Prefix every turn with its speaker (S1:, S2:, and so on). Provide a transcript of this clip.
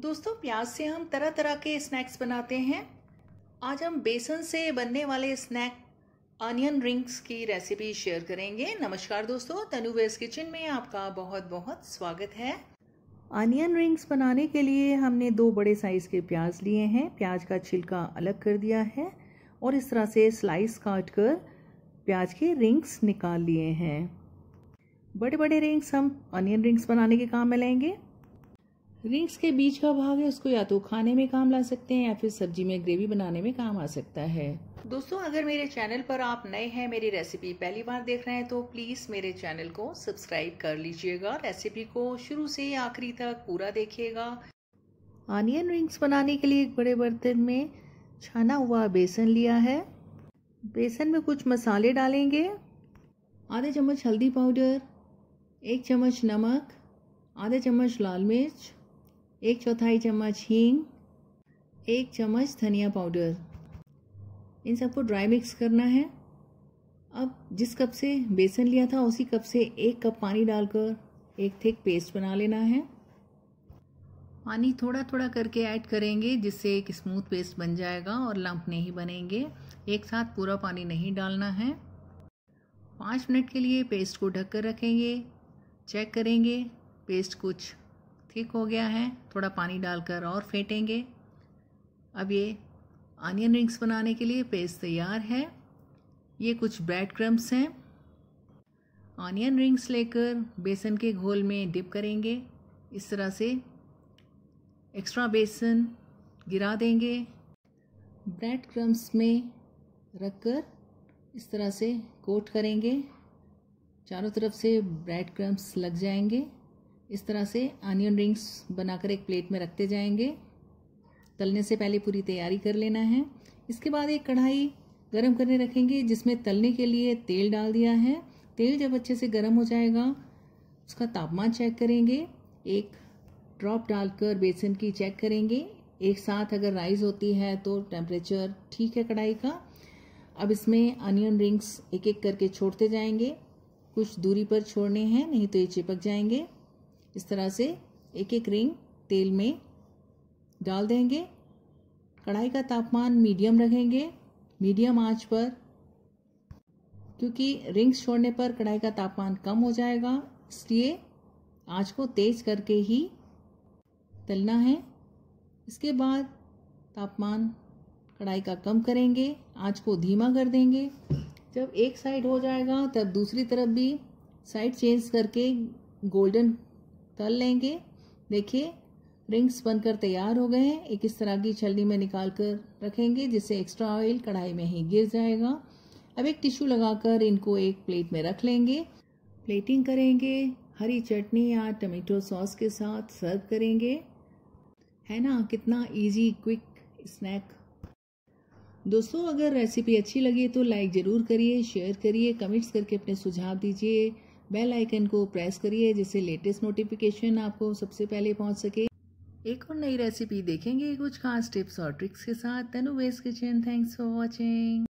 S1: दोस्तों प्याज से हम तरह तरह के स्नैक्स बनाते हैं आज हम बेसन से बनने वाले स्नैक अनियन रिंग्स की रेसिपी शेयर करेंगे नमस्कार दोस्तों तनुवेज किचन में आपका बहुत बहुत स्वागत है अनियन रिंग्स बनाने के लिए हमने दो बड़े साइज़ के प्याज लिए हैं प्याज का छिलका अलग कर दिया है और इस तरह से स्लाइस काट कर प्याज के रिंग्स निकाल लिए हैं बड़े बड़े रिंग्स हम अनियन रिंग्स बनाने के काम में लेंगे रिंग्स के बीच का भाग है उसको या तो खाने में काम ला सकते हैं या फिर सब्जी में ग्रेवी बनाने में काम आ सकता है दोस्तों अगर मेरे चैनल पर आप नए हैं मेरी रेसिपी पहली बार देख रहे हैं तो प्लीज़ मेरे चैनल को सब्सक्राइब कर लीजिएगा रेसिपी को शुरू से आखिरी तक पूरा देखिएगा ऑनियन रिंग्स बनाने के लिए एक बड़े बर्तन में छाना हुआ बेसन लिया है बेसन में कुछ मसाले डालेंगे आधे चम्मच हल्दी पाउडर एक चम्मच नमक आधे चम्मच लाल मिर्च एक चौथाई चम्मच हींग एक चम्मच धनिया पाउडर इन सबको ड्राई मिक्स करना है अब जिस कप से बेसन लिया था उसी कप से एक कप पानी डालकर एक थिक पेस्ट बना लेना है पानी थोड़ा थोड़ा करके ऐड करेंगे जिससे एक स्मूथ पेस्ट बन जाएगा और लंप नहीं बनेंगे एक साथ पूरा पानी नहीं डालना है पाँच मिनट के लिए पेस्ट को ढककर रखेंगे चेक करेंगे पेस्ट कुछ ठीक हो गया है थोड़ा पानी डालकर और फेंटेंगे अब ये आनियन रिंग्स बनाने के लिए पेस्ट तैयार है ये कुछ ब्रेड क्रम्स हैं आनियन रिंग्स लेकर बेसन के घोल में डिप करेंगे इस तरह से एक्स्ट्रा बेसन गिरा देंगे ब्रेड क्रम्स में रखकर इस तरह से कोट करेंगे चारों तरफ से ब्रेड क्रम्स लग जाएंगे इस तरह से अनियन रिंग्स बनाकर एक प्लेट में रखते जाएंगे तलने से पहले पूरी तैयारी कर लेना है इसके बाद एक कढ़ाई गर्म करने रखेंगे जिसमें तलने के लिए तेल डाल दिया है तेल जब अच्छे से गर्म हो जाएगा उसका तापमान चेक करेंगे एक ड्रॉप डालकर बेसन की चेक करेंगे एक साथ अगर राइस होती है तो टेम्परेचर ठीक है कढ़ाई का अब इसमें अनियन रिंग्स एक एक करके छोड़ते जाएंगे कुछ दूरी पर छोड़ने हैं नहीं तो ये चिपक जाएंगे इस तरह से एक एक रिंग तेल में डाल देंगे कढ़ाई का तापमान मीडियम रखेंगे मीडियम आंच पर क्योंकि रिंग्स छोड़ने पर कढ़ाई का तापमान कम हो जाएगा इसलिए आंच को तेज करके ही तलना है इसके बाद तापमान कढ़ाई का कम करेंगे आंच को धीमा कर देंगे जब एक साइड हो जाएगा तब दूसरी तरफ भी साइड चेंज करके गोल्डन तल लेंगे देखिए रिंग्स बनकर तैयार हो गए हैं एक इस तरह की छलनी में निकाल कर रखेंगे जिससे एक्स्ट्रा ऑयल कढ़ाई में ही गिर जाएगा अब एक टिश्यू लगाकर इनको एक प्लेट में रख लेंगे प्लेटिंग करेंगे हरी चटनी या टमेटो सॉस के साथ सर्व करेंगे है ना कितना इजी क्विक स्नैक दोस्तों अगर रेसिपी अच्छी लगी तो लाइक ज़रूर करिए शेयर करिए कमेंट्स करके अपने सुझाव दीजिए बेल आइकन को प्रेस करिए जिससे लेटेस्ट नोटिफिकेशन आपको सबसे पहले पहुंच सके एक और नई रेसिपी देखेंगे कुछ खास टिप्स और ट्रिक्स के साथ तनु वेस्ट किचन थैंक्स फॉर वॉचिंग